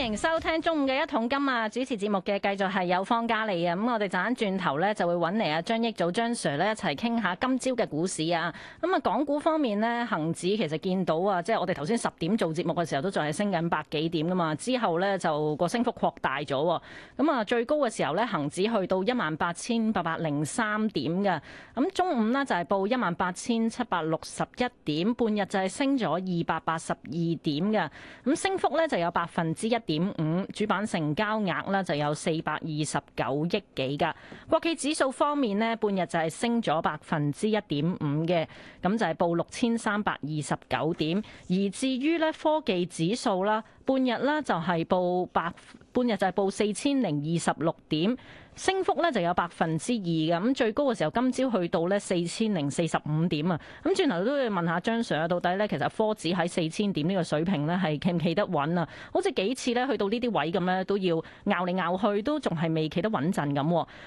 歡迎收聽中午嘅一桶金啊！主持節目嘅繼續係有方嘉利啊！咁我哋陣間轉頭咧，就會揾嚟阿張益祖、張 Sir 咧一齊傾下今朝嘅股市啊！咁啊，港股方面呢，恒指其實見到啊，即係我哋頭先十點做節目嘅時候都仲係升緊百幾點噶嘛，之後呢就個升幅擴大咗。咁啊，最高嘅時候呢，恒指去到一萬八千八百零三點嘅。咁中午呢，就係報一萬八千七百六十一點，半日就係升咗二百八十二點嘅。咁升幅呢，就有百分之一。點五。主板成交額呢就有四百二十九億幾噶，國企指數方面呢，半日就係升咗百分之一點五嘅，咁就係、是、報六千三百二十九點。而至於咧，科技指數啦。半日咧就係報百半日就係報四千零二十六點，升幅咧就有百分之二嘅咁。最高嘅時候今朝去到呢四千零四十五點啊。咁轉頭都要問下張 Sir 啊，到底呢？其實科指喺四千點呢個水平呢，係企唔企得穩啊？好似幾次呢去到呢啲位咁呢，都要拗嚟拗去，都仲係未企得穩陣咁。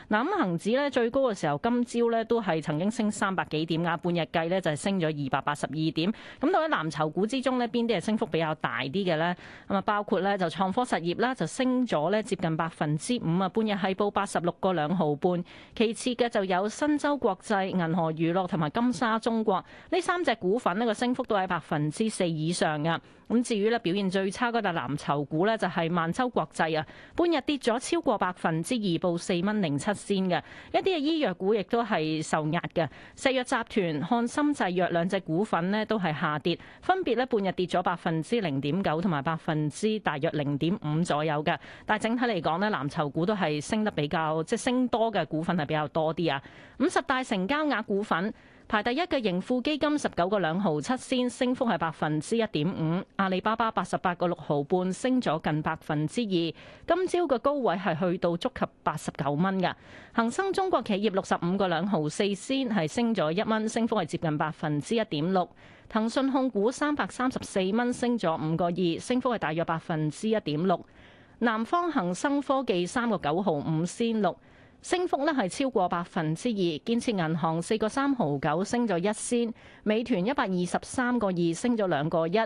嗱咁恒指呢，最高嘅時候今朝呢都係曾經升三百幾點啊，半日計呢就係升咗二百八十二點。咁到喺藍籌股之中呢，邊啲係升幅比較大啲嘅呢？咁啊，包括咧就創科實業啦，就升咗咧接近百分之五啊，半日係報八十六個兩毫半。其次嘅就有新洲國際、銀河娛樂同埋金沙中國呢三隻股份咧，個升幅都係百分之四以上嘅。咁至於咧表現最差嗰隻藍籌股呢，就係萬洲國際啊，半日跌咗超過百分之二，報四蚊零七仙嘅。一啲嘅醫藥股亦都係受壓嘅，石藥集團、漢森製藥兩隻股份呢，都係下跌，分別呢半日跌咗百分之零點九同埋百分之大約零點五左右嘅。但係整體嚟講呢，藍籌股都係升得比較即係升多嘅股份係比較多啲啊。五十大成交額股份。排第一嘅盈富基金十九個兩毫七仙，升幅係百分之一點五。阿里巴巴八十八個六毫半，升咗近百分之二。今朝嘅高位係去到觸及八十九蚊㗎。恒生中國企業六十五個兩毫四仙，係升咗一蚊，升幅係接近百分之一點六。騰訊控股三百三十四蚊，升咗五個二，升幅係大約百分之一點六。南方恒生科技三個九毫五仙六，升幅咧係超過百分之二，建設銀行四個三毫九升咗一仙，美團一百二十三個二升咗兩個一，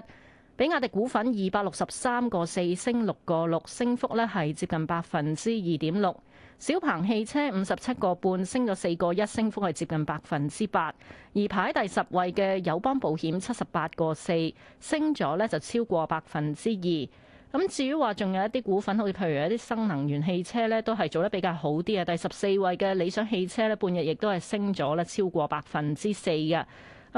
比亞迪股份二百六十三個四升六個六，升幅咧係接近百分之二點六，小鵬汽車五十七個半升咗四個一，升幅係接近百分之八，而排喺第十位嘅友邦保險七十八個四升咗咧就超過百分之二。咁至於話仲有一啲股份，好似譬如一啲新能源汽車咧，都係做得比較好啲嘅。第十四位嘅理想汽車咧，半日亦都係升咗啦，超過百分之四㗎。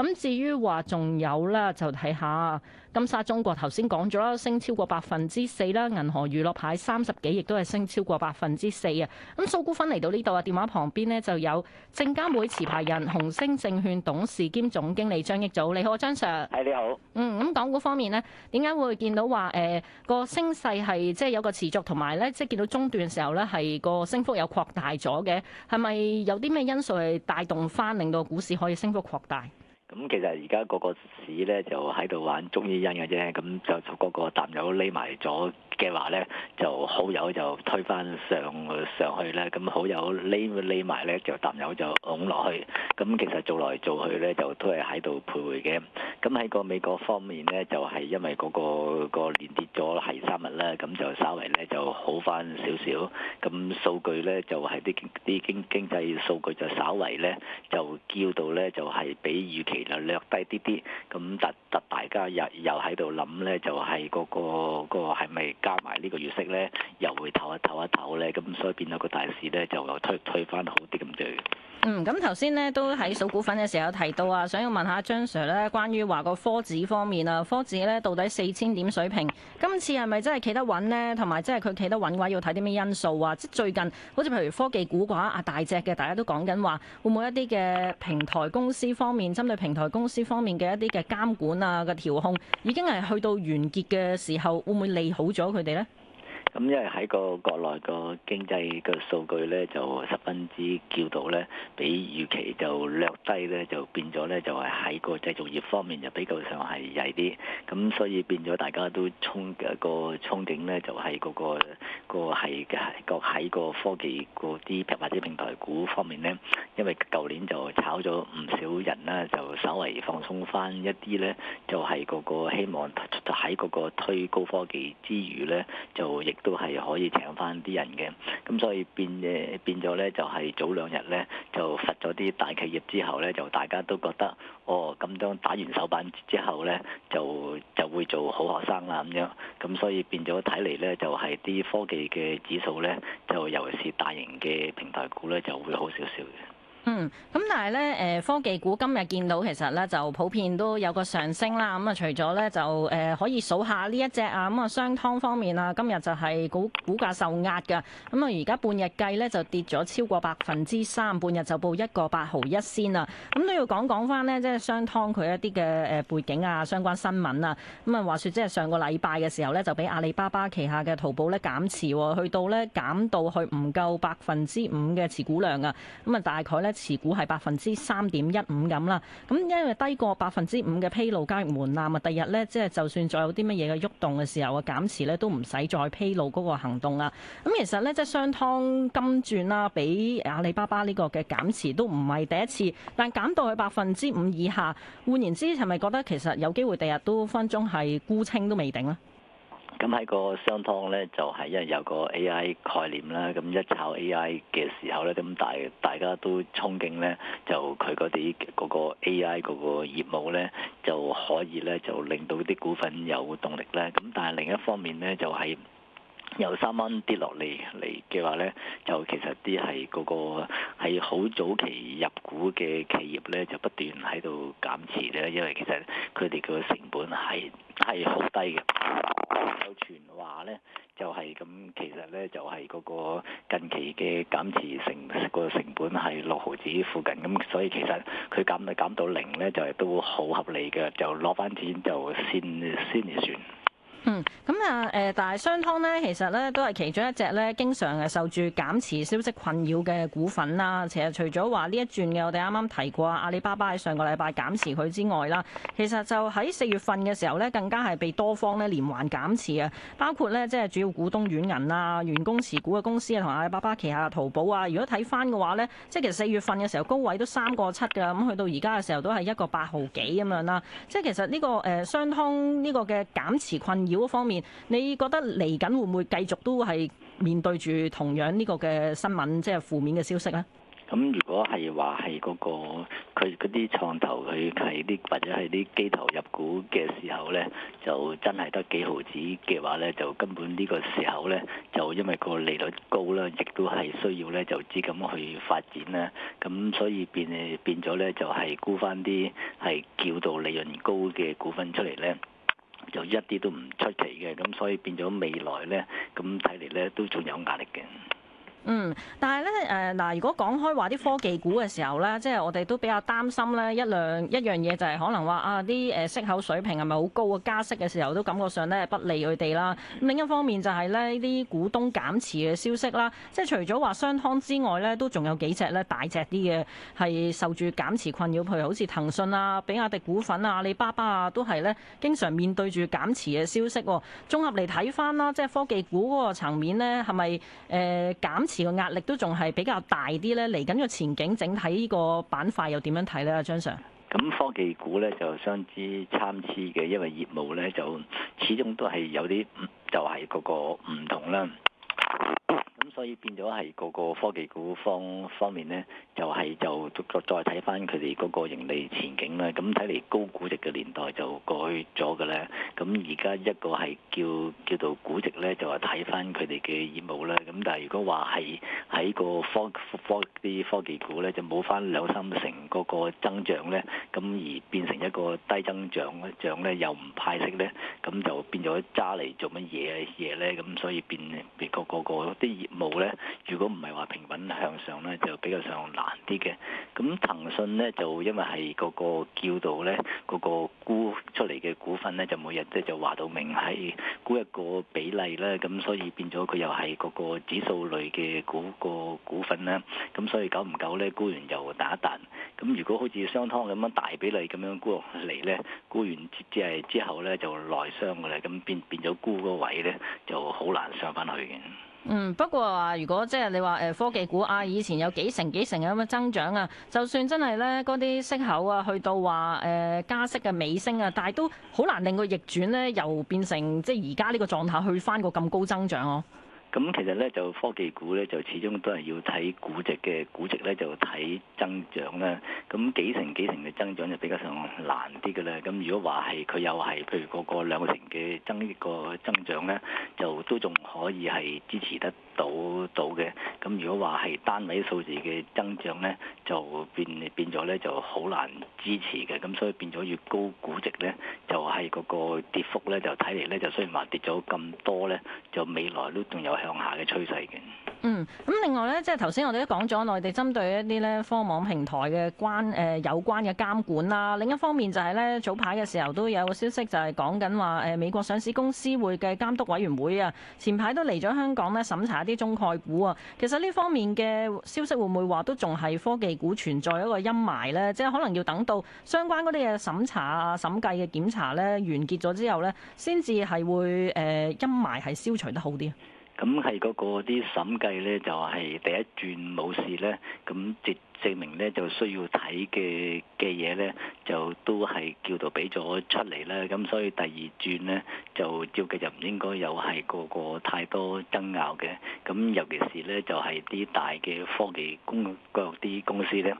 咁至於話仲有咧，就睇下金沙中國頭先講咗啦，升超過百分之四啦。銀河娛樂牌三十幾，亦都係升超過百分之四啊。咁數股分嚟到呢度啊，電話旁邊呢就有證監會持牌人紅星證券董事兼總經理張益祖，你好，張 Sir。誒，你好。嗯，咁港股方面呢，點解會見到話誒個升勢係即係有個持續，同埋咧即係見到中段時候咧係個升幅有擴大咗嘅？係咪有啲咩因素係帶動翻，令到股市可以升幅擴大？咁其實而家個個市咧就喺度玩中醫因嘅啫，咁就個個淡友匿埋咗。嘅話咧，就好友就推翻上上去啦。咁好友匿匿埋咧，就淡友就拱落去。咁其實做來做去咧，就都係喺度徘徊嘅。咁喺個美國方面咧，就係、係、因為嗰、嗰個、嗰個嗰個連跌咗係三日啦，咁就稍微咧就好翻少少。咁數據咧就係啲啲經經濟數據就稍微咧就叫到咧就係、係、比預期就略低啲啲咁突。大家又又喺度諗呢，就係、是、嗰、那個、那個係咪加埋呢個月息呢息，息呢？又會唞一唞一唞呢。咁所以變咗個大市呢，就推推翻好啲咁對。嗯，咁頭先咧都喺數股份嘅時候提到啊，想要問下張 Sir 咧，關於話個科指方面啊。科指咧到底四千點水平，今次係咪真係企得穩咧？同埋即係佢企得穩嘅話，要睇啲咩因素啊？即係最近好似譬如科技股嘅話，阿大隻嘅大家都講緊話，會唔會一啲嘅平台公司方面，針對平台公司方面嘅一啲嘅監管啊嘅調控，已經係去到完結嘅時候，會唔會利好咗佢哋咧？咁因為喺個國內個經濟個數據咧就十分之叫到咧，比預期就略低咧，就變咗咧就係喺個製造業方面就比較上係曳啲，咁所以變咗大家都衝、嗰個憧憬咧就係、係、嗰、嗰個、嗰個係係、嗰個喺個科技個啲或者平台股方面咧，因為舊年就炒咗唔少人啦，就稍微放鬆翻一啲咧，就係、係、嗰個希望就喺嗰個推高科技之餘咧就亦。都係可以請翻啲人嘅，咁所以變誒變咗呢，就係早兩日呢，就罰咗啲大企業之後呢，就大家都覺得，哦咁樣打完手板之後呢，就就會做好學生啦咁樣，咁所以變咗睇嚟呢，就係啲科技嘅指數呢，就尤其是大型嘅平台股呢，就會好少少嘅。嗯，咁但係咧，誒、呃、科技股今日見到其實咧就普遍都有個上升啦。咁、嗯、啊，除咗咧就誒、呃、可以數下呢一隻啊，咁啊商湯方面啊，今日就係股股價受壓㗎。咁、嗯、啊，而家半日計咧就跌咗超過百分之三，半日就報一個八毫一先啦、啊。咁、嗯、都要講講返呢，即係商湯佢一啲嘅誒背景啊，相關新聞啊。咁、嗯、啊，話說即係上個禮拜嘅時候呢，就俾阿里巴巴旗下嘅淘寶咧減持，去到呢減到去唔夠百分之五嘅持股量啊。咁啊，大概咧。持股係百分之三點一五咁啦，咁因為低過百分之五嘅披露交易門檻啊，咪第日咧即係就算再有啲乜嘢嘅喐動嘅時候啊，減持咧都唔使再披露嗰個行動啊。咁其實咧即係商湯金鑽啦，俾阿里巴巴呢個嘅減持都唔係第一次，但減到去百分之五以下，換言之係咪覺得其實有機會第日都分鐘係沽清都未定咧？咁喺個商湯咧，就係、是、因為有個 A.I. 概念啦。咁一炒 A.I. 嘅時候咧，咁大大家都憧憬咧，就佢嗰啲嗰個 A.I. 嗰個業務咧，就可以咧就令到啲股份有動力咧。咁但係另一方面咧，就係、是、由三蚊跌落嚟嚟嘅話咧，就其實啲係嗰個係好早期入股嘅企業咧，就不斷喺度減持咧，因為其實佢哋個成本係係好低嘅。有傳話咧，就係、是、咁，其實咧就係、是、嗰個近期嘅減持成、那個成本係六毫子附近，咁，所以其實佢減到減到零咧，就係、是、都好合理嘅，就攞返錢就先先算。嗯，咁啊，誒，但係商湯咧，其實咧都係其中一隻咧，經常係受住減持消息困擾嘅股份啦。其實除咗話呢一轉嘅，我哋啱啱提過啊，阿里巴巴喺上個禮拜減持佢之外啦，其實就喺四月份嘅時候咧，更加係被多方咧連環減持啊。包括咧即係主要股東、軟銀啊、員工持股嘅公司啊，同阿里巴巴旗下淘寶啊。如果睇翻嘅話咧，即係其實四月份嘅時候高位都三個七嘅，咁去到而家嘅時候都係一個八毫幾咁樣啦。即係其實呢個誒商湯呢個嘅減持困擾，嗰方面，你覺得嚟緊會唔會繼續都係面對住同樣呢個嘅新聞即係負面嘅消息咧？咁如果係話、那個，係嗰個佢嗰啲創投佢係啲或者係啲機投入股嘅時候咧，就真係得幾毫子嘅話咧，就根本呢個時候咧就因為個利率高啦，亦都係需要咧就資金去發展啦。咁所以變變咗咧就係沽翻啲係叫做利潤高嘅股份出嚟咧，就一啲都唔出奇嘅，咁所以變咗未來咧，咁睇嚟咧，都仲有壓力嘅。嗯，但係咧誒嗱，如果講開話啲科技股嘅時候咧，即係我哋都比較擔心咧一兩一樣嘢就係可能話啊啲誒息口水平係咪好高啊？加息嘅時候都感覺上咧不利佢哋啦。另一方面就係咧呢啲股東減持嘅消息啦，即係除咗話商湯之外咧，都仲有幾隻咧大隻啲嘅係受住減持困擾，譬如好似騰訊啊、比亞迪股份啊、阿里巴巴啊，都係咧經常面對住減持嘅消息哦。綜合嚟睇翻啦，即係科技股嗰個層面咧係咪誒減。是個壓力都仲係比較大啲咧，嚟緊個前景整體呢個板塊又點樣睇咧？張 Sir，咁科技股咧就相知參差嘅，因為業務咧就始終都係有啲就係嗰個唔同啦。所以變咗係個個科技股方方面咧，就係就再再睇翻佢哋嗰個盈利前景啦。咁睇嚟高估值嘅年代就過去咗㗎喇。咁而家一個係叫叫做估值咧，就話睇翻佢哋嘅業務咧。咁但係如果話係喺個科科啲科技股咧，就冇翻兩三成嗰個增長咧，咁而變成一個低增長咧，漲咧又唔派息咧，咁就變咗揸嚟做乜嘢嘢咧？咁所以變個個個啲業務咧，如果唔係話平穩向上咧，就比較上難啲嘅。咁騰訊咧就因為係嗰個叫到咧，嗰、嗰個沽出嚟嘅股份咧，就每日即係就話到明，係沽一個比例啦。咁所以變咗佢又係嗰個指數類嘅股個股份啦。咁所以久唔久咧沽完又打彈。咁如果好似商湯咁樣大比例咁樣沽落嚟咧，沽完即即係之後咧就內傷嘅咧，咁變變咗沽個位咧就好難上翻去嘅。嗯，不過話如果即係你話誒、呃、科技股啊，以前有幾成幾成咁嘅增長啊，就算真係咧嗰啲息口啊，去到話誒、呃、加息嘅尾聲啊，但係都好難令佢逆轉咧，又變成即係而家呢個狀態去返個咁高增長咯。咁其實咧就科技股咧就始終都係要睇估值嘅，估值咧就睇增長啦。咁幾成幾成嘅增長就比較上難啲嘅啦。咁如果話係佢又係譬如嗰個兩個成嘅增、嗰個增長咧，就都仲可以係支持得到到嘅，咁如果話係單位數字嘅增長呢，就變變咗呢就好難支持嘅。咁所以變咗越高估值呢，就係嗰個跌幅呢，就睇嚟呢，就雖然話跌咗咁多呢，就未來都仲有向下嘅趨勢嘅。嗯，咁另外咧，即係頭先我哋都講咗內地針對一啲咧科網平台嘅關誒、呃、有關嘅監管啦、啊。另一方面就係咧，早排嘅時候都有個消息就係講緊話誒美國上市公司會嘅監督委員會啊，前排都嚟咗香港咧審查一啲中概股啊。其實呢方面嘅消息會唔會話都仲係科技股存在一個陰霾咧？即係可能要等到相關嗰啲嘅審查啊、審計嘅檢查咧完結咗之後咧，先至係會誒、呃、陰霾係消除得好啲。咁係嗰個啲審計咧，就係、是、第一轉冇事咧，咁證證明咧就需要睇嘅嘅嘢咧，就都係叫到俾咗出嚟啦。咁所以第二轉咧，就照計就唔應該有係個個太多爭拗嘅。咁尤其是咧，就係、是、啲大嘅科技公各啲公司咧。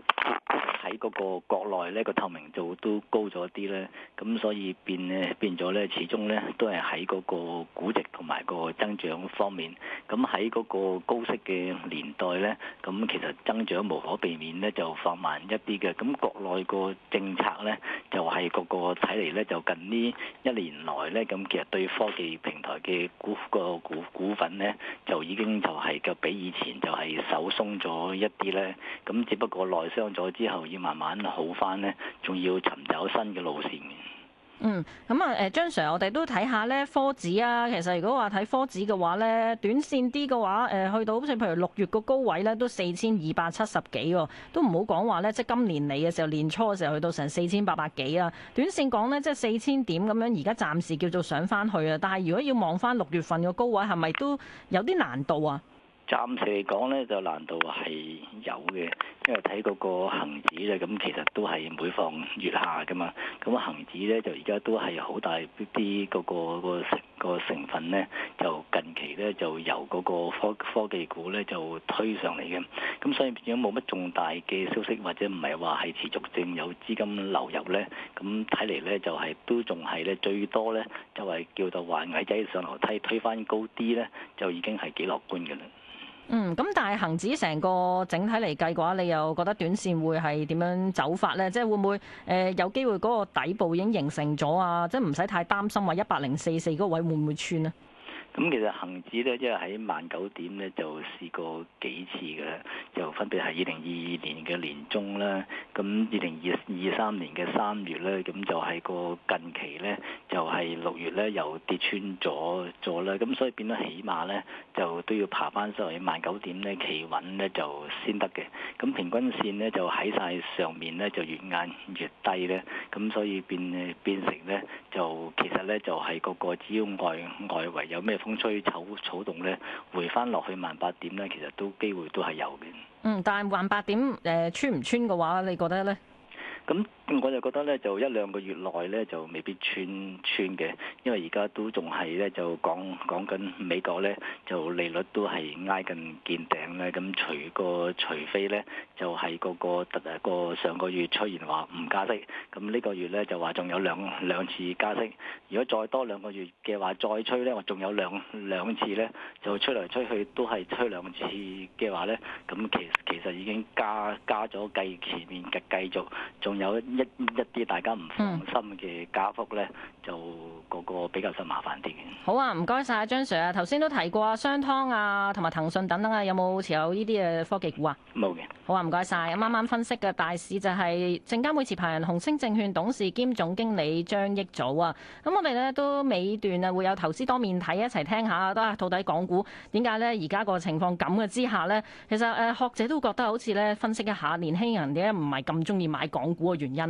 喺嗰個國內咧，個透明度都高咗啲咧，咁所以變咧變咗咧，始終咧都係喺嗰個估值同埋個增長方面。咁喺嗰個高息嘅年代咧，咁其實增長無可避免咧就放慢一啲嘅。咁國內個政策咧就係嗰個睇嚟，咧就近呢一年來咧，咁其實對科技平台嘅股個股股份咧就已經就係就比以前就係手鬆咗一啲咧。咁只不過內傷咗之後。慢慢好翻呢，仲要尋找新嘅路線。嗯，咁啊，誒張 Sir，我哋都睇下呢，科指啊，其實如果話睇科指嘅話呢，短線啲嘅話，誒去到好似譬如六月個高位呢，都四千二百七十幾喎，都唔好講話呢。即係今年嚟嘅時候，年初嘅時候去到成四千八百幾啊。短線講呢，即係四千點咁樣，而家暫時叫做上翻去啊。但係如果要望翻六月份個高位，係咪都有啲難度啊？暫時嚟講咧，就難度係有嘅，因為睇嗰個恆指咧，咁其實都係每況愈下噶嘛。咁恒指咧就而家都係好大啲嗰、嗰個、嗰個成嗰個成分咧，就近期咧就由嗰個科科技股咧就推上嚟嘅。咁所以變咗冇乜重大嘅消息，或者唔係話係持續性有資金流入咧，咁睇嚟咧就係、係、都仲係咧最多咧就係、係、叫做矮矮仔上樓梯推返高啲咧，就已經係幾樂觀嘅啦。嗯，咁但係恆指成個整體嚟計嘅話，你又覺得短線會係點樣走法呢？即係會唔會誒有機會嗰個底部已經形成咗啊？即係唔使太擔心話一百零四四嗰個位會唔會穿啊？咁其實恆指咧，因為喺萬九點咧就試過幾次嘅啦，就分別係二零二二年嘅年中啦，咁二零二二三年嘅三月咧，咁就係個近期咧，就係六月咧又跌穿咗咗啦，咁所以變咗起碼咧，就都要爬翻上去萬九點咧企穩咧就先得嘅，咁平均線咧就喺晒上面咧就越硬越低咧，咁所以變變成咧就其實咧就係個個只要外外圍有咩風吹草草動咧，回翻落去萬八點咧，其實都機會都係有嘅。嗯，但係萬八點誒、呃，穿唔穿嘅話，你覺得咧？咁、嗯。我就覺得咧，就一兩個月內咧，就未必穿穿嘅，因為而家都仲係咧，就講講緊美國咧，就利率都係挨近見頂咧。咁除個除非咧，就係、是、個個特個上個月出現話唔加息，咁呢個月咧就話仲有兩兩次加息。如果再多兩個月嘅話，再吹咧，我仲有兩兩次咧，就吹嚟吹去都係吹兩次嘅話咧，咁其實其實已經加加咗，繼前面嘅繼續，仲有。一啲大家唔放心嘅家福咧，就嗰個個比較想麻煩啲嘅。好啊，唔該晒張 Sir 啊，頭先都提過商湯啊，同埋騰訊等等啊，有冇持有呢啲嘅科技股啊？冇嘅的。好啊，唔該晒。啱啱分析嘅大市就係證監會持牌人紅星證券董事兼總經理張益祖啊。咁我哋咧都尾段啊，會有投資多面睇一齊聽下，都係到底港股點解咧而家個情況咁嘅之下咧，其實誒學者都覺得好似咧分析一下年輕人點解唔係咁中意買港股嘅原因。